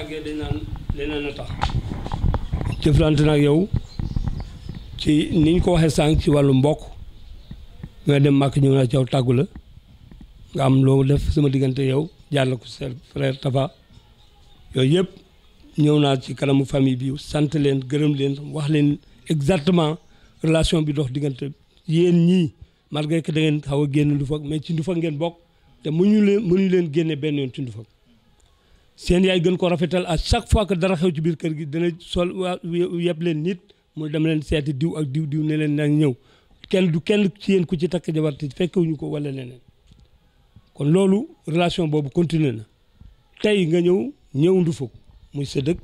àggee dañ naan leneen a tax jëflante nag yow ci niñ ko waxee sànq ci wàllu mbokk nga dem màkk ñëw naa ci yow tàggu la nga am loo def sama diggante yow jàll ko seen frère Tafa yooyu yëpp ñëw naa ci kanamu famille bi sant leen gërëm leen wax leen exactement relation bi dox diggante yéen ñii malgré que da ngeen xaw a génn Ndouffane mais ci Ndouffane ngeen bokk te mënuñu leen mënuñu leen génne benn yoon ci Ndouffane seen yaay gën ko rafetal à chaque fois que dara xew ci biir kër gi dana sol waa yeb leen nit mu dem leen seeti diw ak diw diw ne leen nag ñëw kenn du kenn ci yéen ko ci takk jabar te fekkewuñu ko wala leneen kon loolu relation boobu continuer na tey nga ñëw ñëw ndu fa muy sa dëkk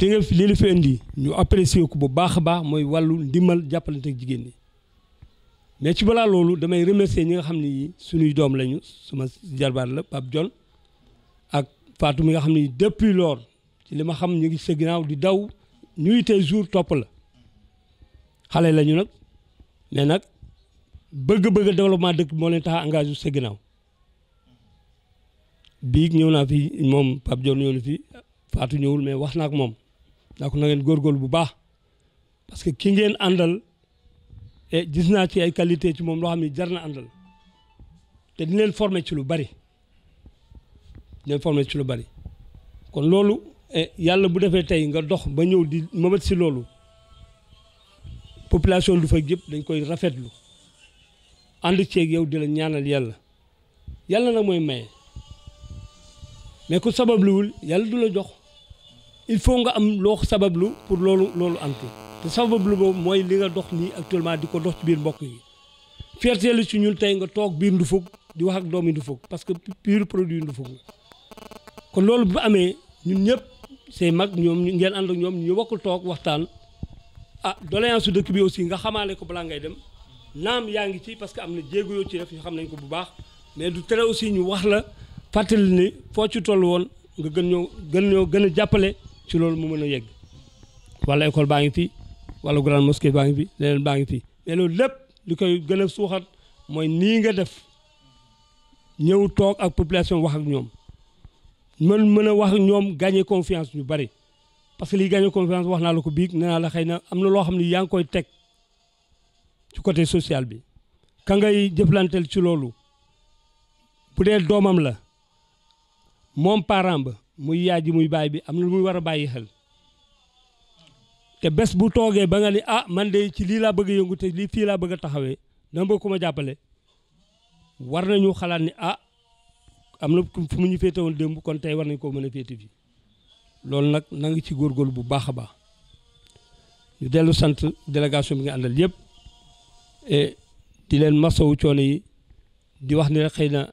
li nga li la fi indi ñu apprécier ko bu baax a baax mooy wàllu ndimbal jàppalante ak jigéen ñi mais ci balaa loolu damay remercier ñi nga xam ni suñuy doom lañu suma jarbaat la Pape John ak faatu mi nga xam ni depuis lors ci li ma xam ñu ngi sa ginnaaw di daw nuit et jour topp la xale lañu nag mais nag bëgg-bëgg developpement dëkk moo leen tax a engagé sa bii ñëw naa fi moom Pape Dior ñëw fi Fatou ñëwul mais wax naa ak moom naa ko na ngeen góorgóorlu bu baax parce que ki ngeen àndal eh, gis naa ci ay qualité ci moom loo xam ne jar na àndal te di leen former ci lu bari. leen formé ci lu bari kon loolu eh, yàlla bu defee tey nga dox ba ñëw di mëmat si loolu population du fa yëpp dañ koy rafetlu ànd ceeg yow di la ñaanal yàlla yàlla nag mooy maye mais ku sababluwul yàlla du la jox il faut nga am loo sabablu pour loolu loolu antu te lu boobu mooy li nga dox nii actuellement di ko dox ci biir mbokk yi fierté la ci ñun tey nga toog biir Ndoufouk di wax ak doomi Ndoufouk parce que pur produit Ndoufouk la kon loolu bu amee ñun ñëpp say mag ñoom ñu ngeen ànd ak ñoom ñu bokkul toog waxtaan ah doléance su dëkk bi aussi nga xamaale ko balaa ngay dem naam yaa ngi ci parce que am na jéego yoo ci def ñu xam nañ ko bu baax mais du tere aussi ñu wax la fàttali ni foo ci toll woon nga gën ñoo gën ñoo gën a jàppale ci loolu mu mën a yegg walla école baa ngi fi wala grande mosquée baa ngi fi leneen baa ngi fi mais loolu lépp li koy gën a suuxat mooy nii nga def ñëw toog ak population wax ak ñoom man mën a wax ñoom gagné confiance ñu bari parce que liy gagné confiance wax naa la ko biig nee naa la xëy na am na loo xam ne yaa ngi koy teg ci côté social bi ka ngay jëflanteel ci loolu bu dee doomam la moom parent ba muy yaay ji muy baay bi am na lu muy war a bàyyi xel te bés bu toogee ba nga ni ah man de ci lii laa bëgg a yëngu te lii fii laa bëgg a taxawee dama bëgg ku ma jàppale war nañu xalaat ni ah am na fu mu ñu féetewoon démb kon tey war nañ koo mën a féete fii loolu nag na nga ci góorgóorlu bu baax a baax ñu dellu sant délégation bi nga àndal yëpp et di leen masawu coono yi di wax ne xëy na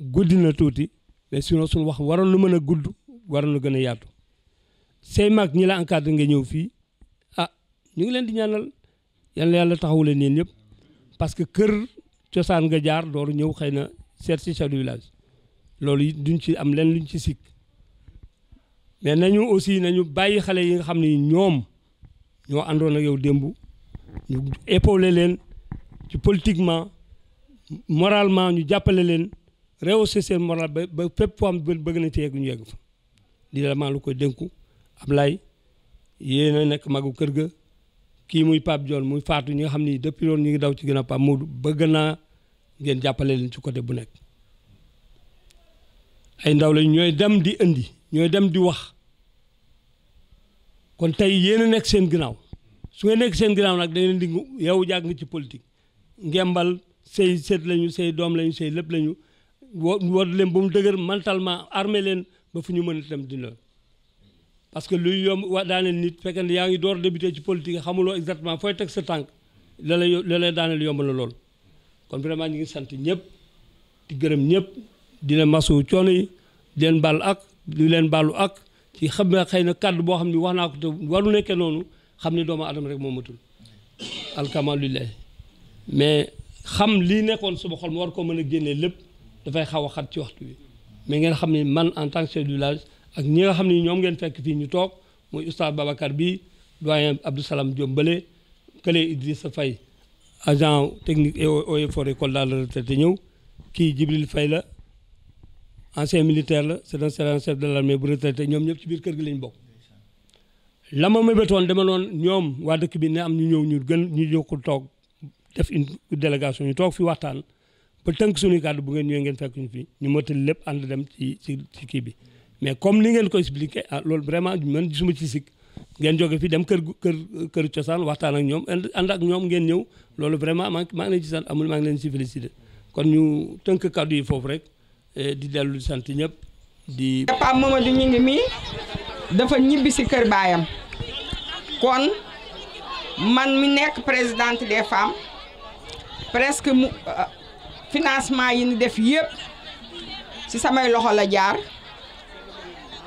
guddi na tuuti mais sinon suñu wax waroon lu mën a gudd waroon lu gën a yaatu say mag ñi la encadré nga ñëw fii ah ñu ngi leen di ñaanal yal na yàlla taxawu leen yéen ñëpp parce que kër cosaan nga jaar dooru ñëw xëy na seet si chef du village loolu it duñ ci am leen luñ ci sikk mais nañu aussi nañu bàyyi xale yi nga xam ni ñoom ñoo àndoon ak yow démb ñu épaulé leen ci politiquement moralement ñu jàppale leen rehausser seen moral ba ba fépp foo am bëgg na ci yegg ñu yegg fa di la maa lu koy dénku Ablaye yéen a nekk magu kër ga kii muy Pape Dione muy Fatou ñu nga xam ni depuis loolu ñu ngi daw ci gën a Pape mu bëgg naa ngeen jàppale leen ci côté bu nekk ay ndaw lañ ñooy dem di indi ñooy dem di wax kon tey yéen a nekk seen ginnaaw su nga nekk seen ginnaaw nag dañ leen di yow jàgg nga ci politique ngembal say seet lañu say doom lañu say lépp lañu wo war leen ba mu dëgër mentalement armee leen ba fu ñu mën itam dina parce que luy yomb wa daaneel nit fekkee ne yaa ngi door débuté ci politique xamuloo exactement fooy teg sa tànk la lay la lay daaneel yomb la lool kon vraiment ñu ngi sant ñëpp di gërëm ñëpp di leen masu coono yi di leen ak di leen bàllu ak ci xam ne xëy na kàddu boo xam ne wax naa ko te waru nekkee noonu xam ne doomu adama rek moo matul alkamalulilahi mais xam lii nekkoon suba xol ma war koo mën a génnee lépp dafay xaw a xat ci waxtu bi mais ngeen xam ni man en tant que du village ak ñi nga xam ne ñoom ngeen fekk fii ñu toog mooy oustaz Babacar bi doyen Abdou Salam Diom Bale kële Idrissa Faye agent technique et eaux et forêts Kolda la retraité ñëw kii Jibril Faye la ancien militaire la c'est un sergent chef de l'armée bu retraité ñoom ñëpp ci biir kër gi lañ bokk la ma mébétoon dama noon ñoom waa dëkk bi ne am ñu ñëw ñu gën ñu jokku toog def une délégation ñu toog fi waxtaan ba tënk suñuy kàddu bu ngeen ñëwee ngeen fekk ñu fi ñu mottali lépp ànd dem ci ci ci kii bi mais comme ni ngeen ko expliqué ah loolu vraiment man gisuma ci sikk ngeen jóge fi dem kër kër kër cosaan waxtaan ak ñoom ànd ak ñoom ngeen ñëw loolu vraiment maa ngi leen ci sant amul maa ngi leen ci félicité kon ñu tënk kàddu yi foofu rek E di dellu sant ñëpp di. Papa Mamadou ñu ngi mii dafa ñibbi si kër baayam kon man mi nekk présidente des femmes presque mu euh, financement yi ñu def yëpp ci samay loxo la jaar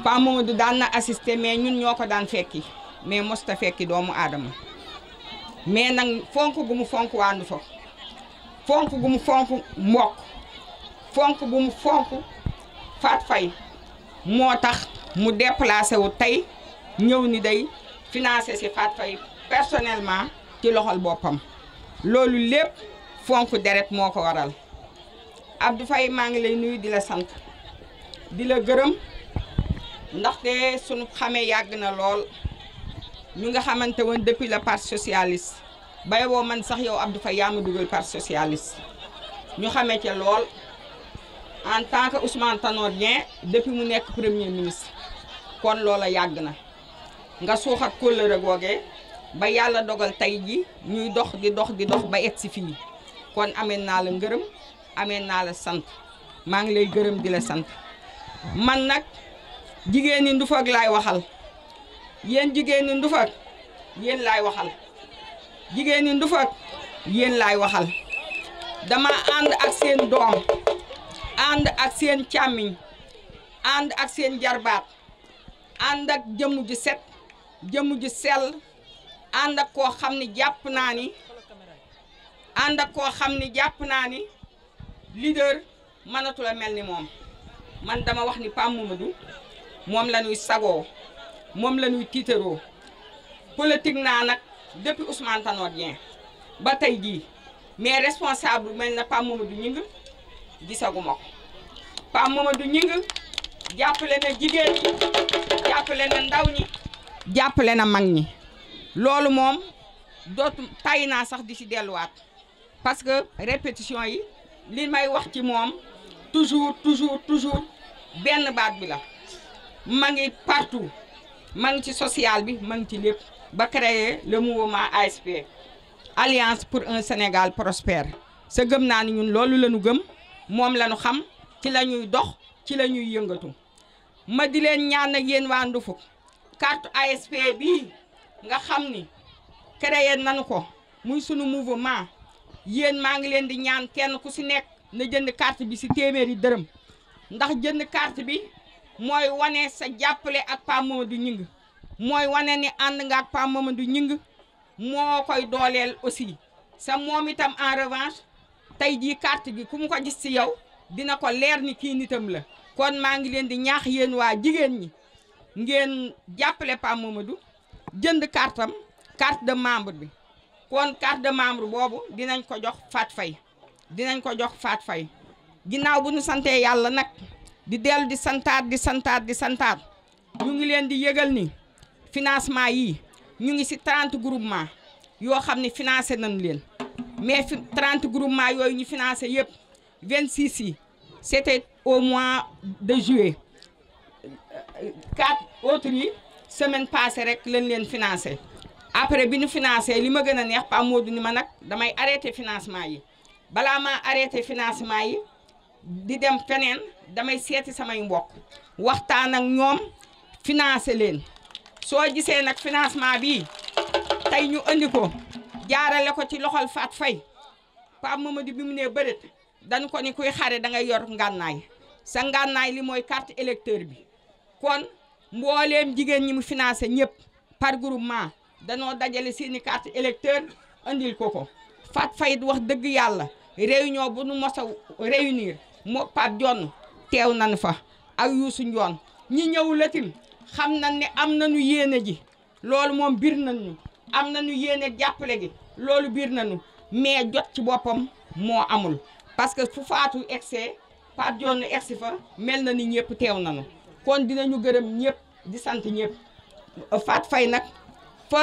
Papa Mamadou daan na assister mais ñun ñoo ko daan fekki mais mosta fekki doomu aadama mais nag fonk gu mu fonk waandu fa fonk gu mu fonk mbokk fonk bu mu fonk Fatou fay moo tax mu déplacé wu tey ñëw ni day financé si Fatou Faye personnellement ci loxol boppam loolu lépp fonk deret moo ko waral Abdou fay maa ngi lay nuyu di la sant di la gërëm ndaxte sunu xamee yàgg na lool ñu nga xamante woon depuis la parti socialiste bay woo man sax yow Abdou Faye yaa ma dugal parti socialiste ñu xamee ca lool en tant que Ousmane Tanor Dieng mu nekk premier ministre kon loola yàgg na nga suuxat kóllëre googe ba yàlla dogal tey ji ñuy dox di dox di dox ba egg si fii kon amee naa la ngërëm amee naa la sant maa ngi lay gërëm di la sant man nag jigéen ñi Ndufag laay waxal yéen jigéen ñi Ndufag yéen laay waxal jigéen ñi Ndufag yéen laay waxal dama ànd ak seen doom ànd ak seen càmmiñ ànd ak seen jarbaat ànd ak jëmm ju jëmm ju sell ànd ak koo xam ni jàpp naa ni ànd ak koo xam ni jàpp naa ni leader mënatu la mel ni moom man dama wax ni Pape moom la ñuy sagoo moom la ñuy tiitaroo politique naa nag depuis Ousmane Tanor ba tey ji mais responsable mel na Pape Mamadou Gningue gisaguma Pape Mamadou Gningue jàppale na jigéen ñi jàppale na ndaw ñi jàppale na mag ñi loolu moom dootu tay naa sax di ci delluwaat parce que répétition yi li may wax ci moom toujours toujours toujours benn baat bi la ma ngi partout ma ngi ci social bi ma ngi ci lépp ba créer le mouvement ASP alliance pour un Sénégal prospère sa gëm naa ni ñun loolu la ñu gëm moom la ñu xam ci la ñuy dox ci la ñuy yëngatu ma di leen ñaan ak yéen waa Ndufuk carte ASP bii nga xam ni créé nanu ko muy sunu mouvement yéen maa ngi leen di ñaan kenn ku si nekk na jënd carte bi si téeméeri dërëm ndax jënd carte bi mooy wane sa jàppale ak Pape Mamadou Gningue mooy wane ni ànd nga ak Pape Mamadou Gningue moo koy dooleel aussi sa moom itam en revanche tey jii carte bi ku ko gis si yow dina ko leer ni kii nitam la kon maa ngi leen di ñaax yéen waa jigéen ñi ngeen jàppale Pape Mamadou jënd kartam carte de membre bi kon carte de membre boobu dinañ ko jox faat fay dinañ ko jox faat fay ginnaaw bu ñu santee yàlla nag di dellu di santaat di santaat di santaat ñu ngi leen di yëgal ni financement yi ñu ngi ci 30 groupement yoo xam ne financé nañ leen mais 30 groupement yooyu ñu financé yëpp 26 yi c'était au mois de juillet quatre autres yi semaine passée rek lañ leen finance après bi ñu financé li ma gën a neex Pa Modou ni ma nag damay arrêté financement yi balaa maa arrêté financement yi di dem feneen damay seeti samay mbokk waxtaan ak ñoom financé leen soo gisee nag financement bi tey ñu andi ko jaarale ko ci loxol Faat Fay Pa Mamadou bi mu nee bërët dañu ko ni kuy xare da ngay yor ngànnaay sa ngànnaay li mooy carte électeur bi kon mbooleem jigéen ñi mu financé ñëpp par groupement danoo dajale seeni carte électeur andil ko ko Fat Fayit wax dëgg yàlla réunion bu nu mos a réunir moo Jonn teew nañ fa ak Youssou Ndion ñi ñëw latim xam na ni am nañu yéene ji loolu moom biir nañu am na nañu yéene jàppale gi loolu biir nañu mais jot ci boppam moo amul parce que fu faatu egsee Pape Dione egsi fa mel na ni ñëpp teew nañu kon dinañu gërëm ñëpp di sant ñëpp faat fay nag fa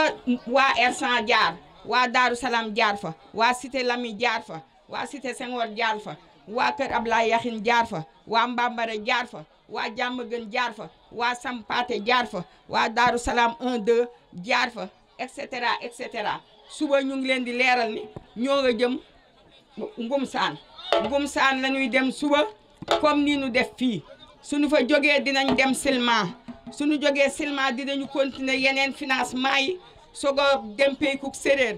waa Ersan jaar waa Daaru Salaam jaar fa waa Cité Lami jaar fa waa Cité Senghor jaar fa waa Kër Ablaye Yaxin jaar fa waa Mbambare jaar fa waa gën jaar fa waa Sampaate jaar fa waa Daaru Salaam 1 jaar fa et cetera et cetera suba ñu ngi leen di leeral ni ñoo nga jëm Ngumsaan Ngumsaan la ñuy dem suba comme nii nu def fii suñu fa jógee dinañ dem Silma suñu jógee Silma dinañu continuer yeneen financement yi soog a dem peykuk séréer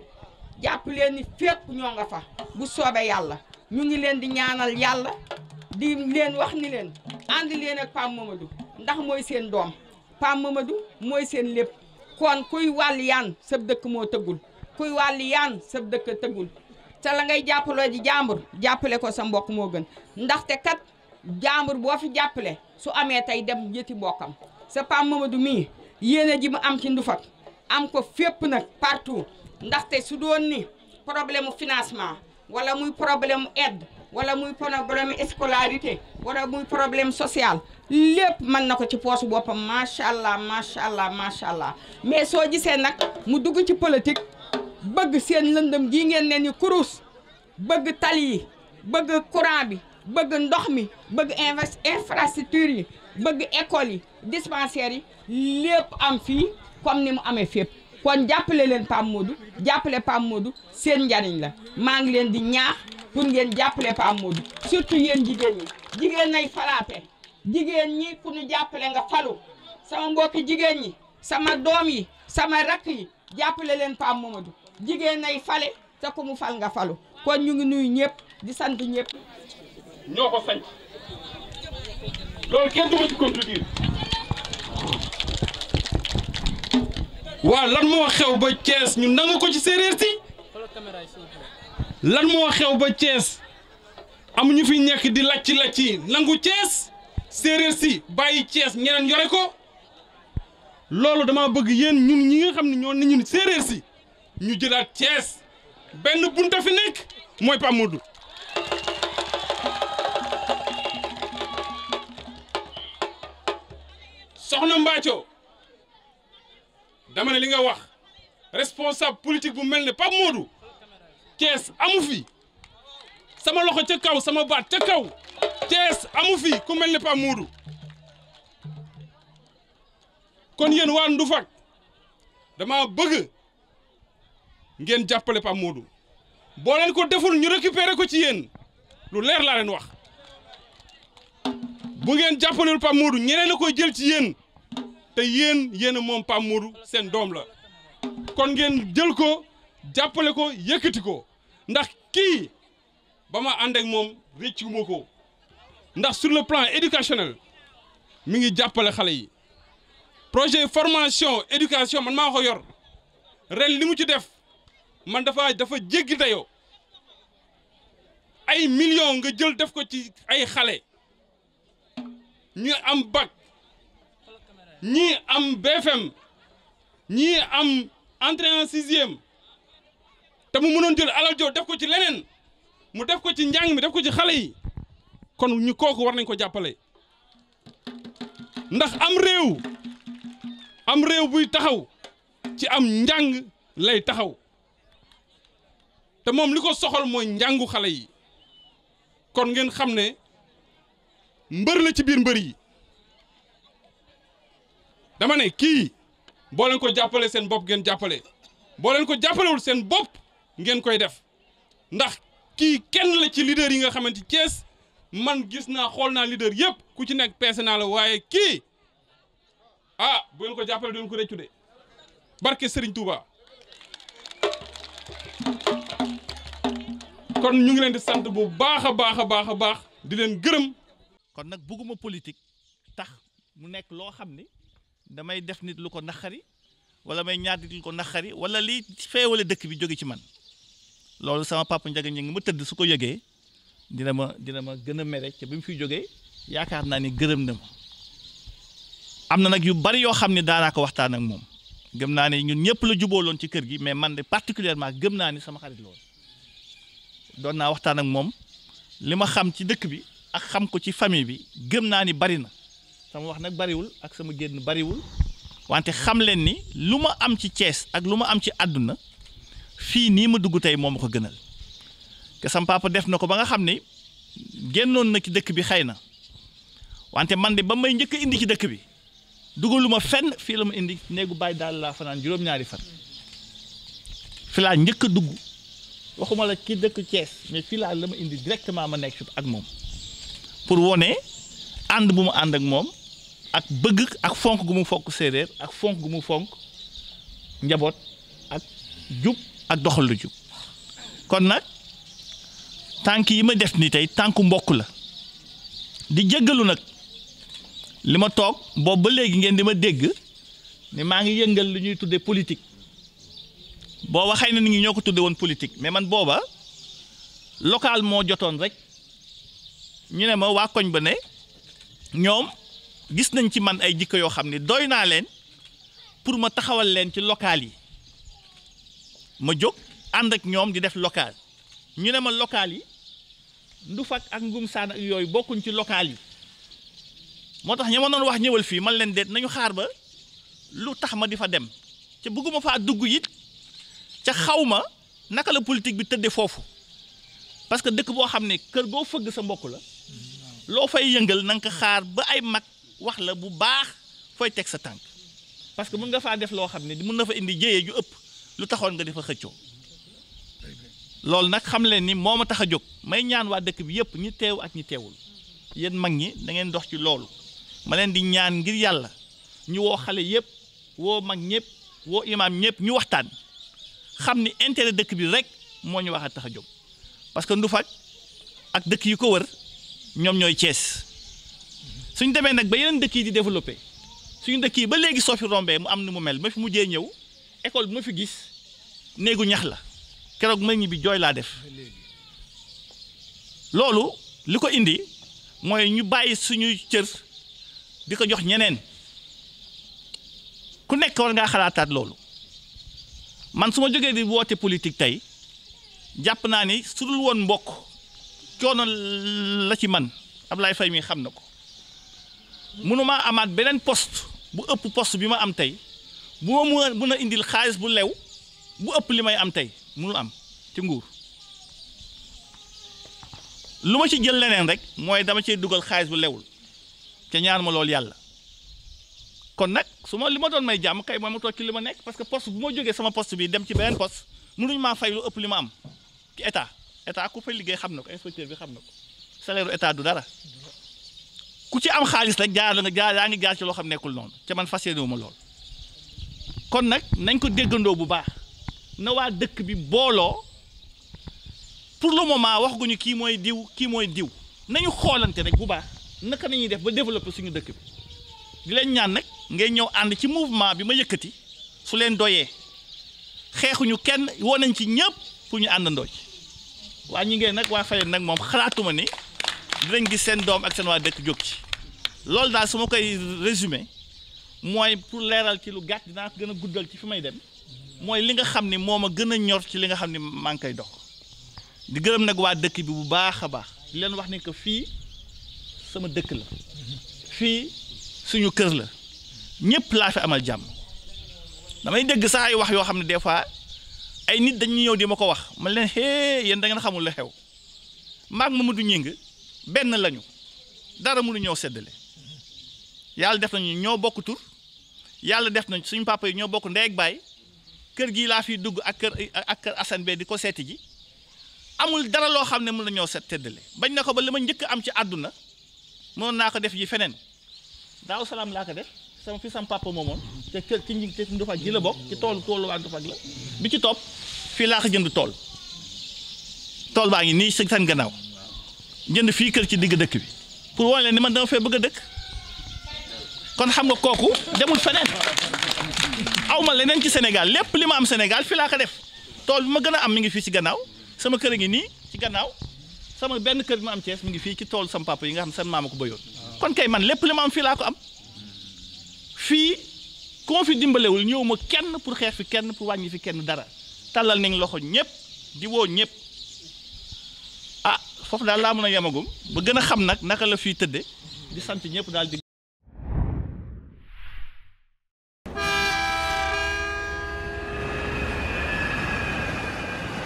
jàpp leen ni fépp ñoo nga fa bu soobee yàlla ñu ngi leen di ñaanal yàlla di leen wax ni leen ànd leen ak Pam Mamadou ndax mooy seen doom Pam Mamadou mooy seen lépp kon kuy wàll yaan sab dëkk moo tëggul kuy wàll yaan sab dëkk tëggul te la ngay jàppaloo ji jàmbur jàppale ko sa mbokk moo gën ndaxte kat jàmbur boo fi jàppale su amee tey dem jëti mbokkam sa pam Mamadou mii yéene ji mu am ci Ndufat am ko fépp nag partout ndaxte su doon ni problème mu financement wala muy problème mu aide wala muy problème scolarité wala muy problème social lépp mën na ko ci poosu boppam macha allah macha allah macha allah mais soo gisee nag mu dugg ci politique. bëgg seen lëndëm gi ngeen ne ni kurus bëgg tali yi bëgg courant bi bëgg ndox mi bëgg invest yi bëgg école yi dispensaires yi lépp am fii comme ni mu amee fépp kon jàppale leen Pape Modou jàppale Pape Modou seen njariñ la maa ngi leen di ñaax pour ngeen jàppale Pape Modou surtout yéen jigéen ñi jigéen nay falaate jigéen ñi ku ñu jàppale nga falu sama mbokki jigéen ñi sama doom yi sama rakk yi jàppale leen Pape Modou jigéen ay fale te ku mu fal nga falu kon ñu ngi nuyu ñëpp di sant ñëpp. ñoo ko sañ loolu kenn du waaw lan moo xew ba Thiès ñu nangu ko ci séeréer si lan moo xew ba Thiès amuñu fi nekk di lajj lacci lacci nangu cees séeréer si bàyyi Thiès ñeneen yore ko loolu dama bëgg yéen ñun ñi nga xam ne ñoo nañu ñun séeréer si. ñu jëlaat Thiès benn bunta fi nekk mooy Pape Modou soxna Mbacco dama ne li nga wax responsable politique bu mel ne Pape Modou Thiès amu fi sama loxo ca kaw sama baat ca kaw Thiès amu fi ku mel ne Pape Modou kon yéen waa Ndoufakh dama bëgg ngeen jàppale Pape Modou boo ko deful ñu récupérer ko ci yéen lu leer laa leen wax bu ngeen jàppalewul Pape Modou ñeneen koy jël ci yéen te yéen yéen a moom Pape seen doom la kon ngeen jël ko jàppale ko yëkkati ko ndax kii ba ma ànd moom réccuma ko ndax sur le plan éducationnel mi ngi jàppale xale yi projet formation éducation man maa ko yor ren li mu ci def man dafa dafa jéggi dayoo ay millions nga jël def ko ci ay xale ñu am bac ñii am BFM ñii am entrée en sixième te mu mënoon jël alal joo def ko ci leneen mu def ko ci njàng mi def ko ci xale yi kon ñu kooku war nañ ko jàppale ndax am réew am réew buy taxaw ci am njàng lay taxaw te moom li ko soxal mooy njàngu xale yi kon ngeen xam ne mbër la ci biir mbër yi dama ne kii booleen ko jàppale seen bopp ngeen jàppale boo leen ko jàppalewul seen bopp ngeen koy def ndax kii kenn la ci leader yi nga xamante Thiès man gis naa xool naa leader yëpp ku ci nekk peese naa la waaye kii ah bu ko jàppale doon ko réccu de barke sëriñ Touba kon ñu ngi leen di sant bu baax a baax a baax a baax di leen gërëm. kon nag bugguma politique tax mu nekk loo xam ni damay def nit lu ko naqari wala may ñaar nit lu ko naqari wala liy feewale dëkk bi jóge ci man loolu sama papa Ndiaga ñu ngi ma tëdd su ko yëgee dina ma dina ma gën a mere ca bi mu fiy jógee yaakaar naa ni gërëm na ma am na nag yu bari yoo xam ne daanaa ko waxtaan ak moom gëm naa ne ñun ñëpp la jubóoloon ci kër gi mais man de particulièrement gëm naa ni sama xarit loolu doon naa waxtaan ak moom li ma xam ci dëkk bi ak xam ko ci famille bi gëm naa ni bari na sama wax nag bariwul ak sama génn bariwul wante xam leen ni lu ma am ci cees ak lu ma am ci àdduna fii nii ma dugg tey moom ma ko gënal te sama papa def na ko ba nga xam ne génnoon na ci dëkk bi xëy na wante man de ba may njëkk indi ci dëkk bi lu ma fenn fii la ma indi néegu bàyyi daal laa fanaan juróom-ñaari fan fi laa njëkk a dugg. waxuma la ki dëkk cees mais fii laa la ma indi directement ma nekk ak moom pour wone ànd bu mu ànd ak moom ak bëgg ak fonk gu mu fonk séeréer ak fonk gu mu fonk njaboot ak jub ak doxal lu jub kon nag tànk yi ma def ni tey tànku mbokk la di jéggalu nag li ma toog boobu ba léegi ngeen di ma dégg ni maa ngi yëngal lu ñuy tuddee politique booba xëy na nit ngi ñoo ko tudde woon politique mais man booba local moo jotoon rek ñu ne ma waa koñ ba ne ñoom gis nañ ci man ay jikko yoo xam ne doy naa leen pour ma taxawal leen ci local yi ma jóg ànd ak ñoom di def local ñu ne ma local yi Ndufak ak Ngum Saan ak yooyu bokkuñ ci local yi moo tax ña ma doon wax ñëwal fii man leen deet nañu xaar ba lu tax ma di fa dem te bëgguma faa dugg it ca xaw ma naka la politique bi tëddee foofu parce que dëkk boo xam ne kër boo fëgg sa mbokk la loo fay yëngal na xaar ba ay mag wax la bu baax fooy teg sa tànk parce que mën nga faa def loo xam ne mën na fa indi jéyee ju ëpp lu taxoon nga defa xëccoo loolu nag xam leen ni moo ma tax a jóg may ñaan waa dëkk bi yëpp ñi teew ak ñi teewul yéen mag ñi dangeen dox ci loolu ma leen di ñaan ngir yàlla ñu woo xale yëpp woo mag ñëpp woo imaam ñëpp ñu waxtaan xam ni intérêt dëkk bi rek moo ñu wax a tax a jóg parce que Ndoufac ak dëkk yi ko wër ñoom ñooy Thiès suñu demee nag ba yeneen dëkk yi di développé suñu dëkk yi ba léegi soo fi rombee mu am ni mu mel ma fi mujjee ñëw école bi ma fi gis néegu ñax la keroog ma ñibbi jooy laa def loolu li ko indi mooy ñu bàyyi suñuy cër di ko jox ñeneen ku nekk war ngaa xalaataat loolu. man su ma jógee di woote politique tey jàpp naa ni su dul woon mbokk coono la ci man Ablaye fay mii xam na ko mënumaa amaat beneen poste bu ëpp post bi ma am tey bu ma mën a indil xaalis bu lew bu ëpp li may am tey mënul am ci nguur lu ma ci jël leneen rek mooy dama cee dugal xaalis bu lewul te ñaan ma loolu yàlla kon nag su ma li ma doon may jàmm kay mooy ma toog ci li ma nekk parce que poste bu ma jógee sama poste bi dem ci beneen poste mënuñ maa fay lu ëpp li ma am ci état état ku fay liggéey xam na ko inspecteur bi xam na ko salaire état du dara ku ci am xaalis rek jaar la nga jaar yaa ngi jaar ci loo xam nekkul noonu ca man fas yéene wu ma lool. kon nag nañ ko déggandoo bu baax na waa dëkk bi booloo pour le moment wax guñu kii mooy diw kii mooy diw nañu xoolante rek bu baax naka nañuy def ba développer suñu dëkk bi. di leen ñaan nag ngay ñëw ànd ci mouvement bi ma yëkkati su leen doyee xeexuñu kenn woo nañ ci ñëpp pour ñu àndandoo ci waa ñi ngeen nag waa Fayeen nag moom xalaatuma ni leen gis seen doom ak seen waa dëkk jóg ci loolu daal su ma koy résumé mooy pour leeral ci lu gàtt dinaa gën a guddal ci fi may dem mooy li nga xam ni moo ma gën a ñor ci li nga xam ni maa ngi koy dox di gërëm nag waa dëkk bi bu baax a baax di leen wax ni que fii sama dëkk la suñu kër la ñëpp laa fi amal jàmm damay dégg sax ay wax yoo xam ne des fois ay nit dañuy yow di ma ko wax man leen hee yéen da xamul la xew maag Mamadou ñing benn lañu dara mënu ñoo seddale yàlla def nañu ñoo bokk tur yàlla def nañ suñu papa yi ñoo bokk ndey ak baay kër gii laa fi dugg ak kër ak bee di ko seeti ji amul dara loo xam ne mën na ñoo set teddale bañ na ko ba li ma njëkk am ci àdduna mënoon naa ko def ji feneen daaw salaam laa ko def sama fi sama papa moomoon te kër ci nji ci Ndofane ji la bokk ci toolu toolu waa Ndofane la bi ci topp fii laa jënd tool tool baa ngi nii si seen gannaaw jënd fii kër ci digg dëkk bi pour wane leen ni man dama fee bëgg a dëkk kon xam nga kooku demul feneen aw ma leneen ci senegal lépp li ma am senegal fii laa ko def tool bi ma gën a am mu ngi fii ci gannaaw sama kër a ngi nii ci gannaaw sama benn kër bi ma am Thiès mi ngi fii ci tool sama papa yi nga xam ne seen maama ko bëyoon kon kay man lépp li ma am fii laa ko am fii koo fi dimbalewul ñëw ma kenn pour xeex fi kenn pour wàññi fi kenn dara tàllal nañ loxo ñëpp di woo ñépp ah foofu daal laa mën a yemagum ba gën a xam nag naka la fii tëdde di sant ñëpp daal di